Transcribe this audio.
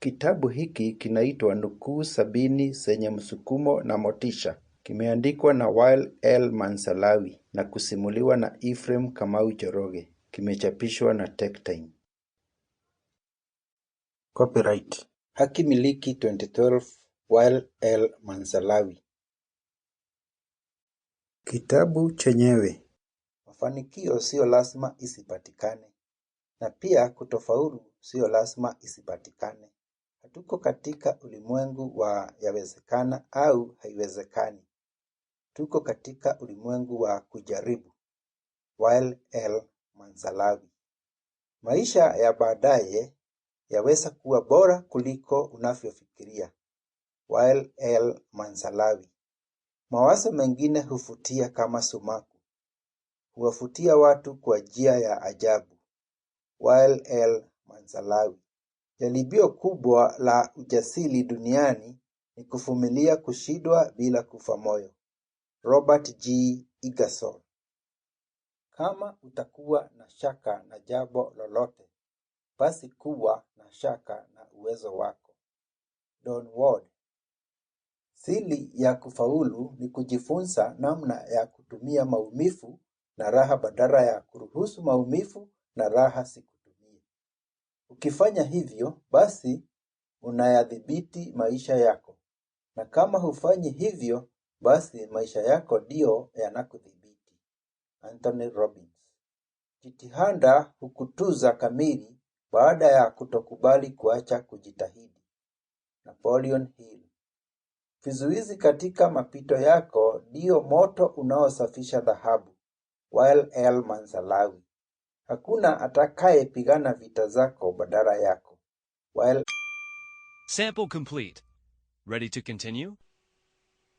Kitabu hiki kinaitwa Nukuu Sabini zenye Msukumo na Motisha. Kimeandikwa na Wael L. Mansalawi na kusimuliwa na Ephraim Kamau Choroge. Kimechapishwa na TechTime. Copyright Haki Miliki 2012 Wael L. Mansalawi. Kitabu chenyewe mafanikio siyo lazima isipatikane na pia kutofaulu siyo lazima isipatikane. Hatuko katika ulimwengu wa yawezekana au haiwezekani. Tuko katika ulimwengu wa kujaribu. Wael El Manzalawi. Maisha ya baadaye yaweza kuwa bora kuliko unavyofikiria. Wael El Manzalawi. Mawazo mengine huvutia kama sumaku, huwavutia watu kwa njia ya ajabu. Wael El Manzalawi. Jaribio kubwa la ujasiri duniani ni kuvumilia kushindwa bila kufa moyo. Robert G. Ingersoll Kama utakuwa na shaka na jambo lolote, basi kuwa na shaka na uwezo wako. Don Ward Siri ya kufaulu ni kujifunza namna ya kutumia maumivu na raha badala ya kuruhusu maumivu na raha siku Ukifanya hivyo, basi unayadhibiti maisha yako, na kama hufanyi hivyo, basi maisha yako ndiyo yanakudhibiti. Anthony Robbins. Jitihada hukutuza kamili baada ya kutokubali kuacha kujitahidi. Napoleon Hill. Vizuizi katika mapito yako ndiyo moto unaosafisha dhahabu. Wael El Hakuna atakayepigana vita zako badala yako. While... Sample complete. Ready to continue?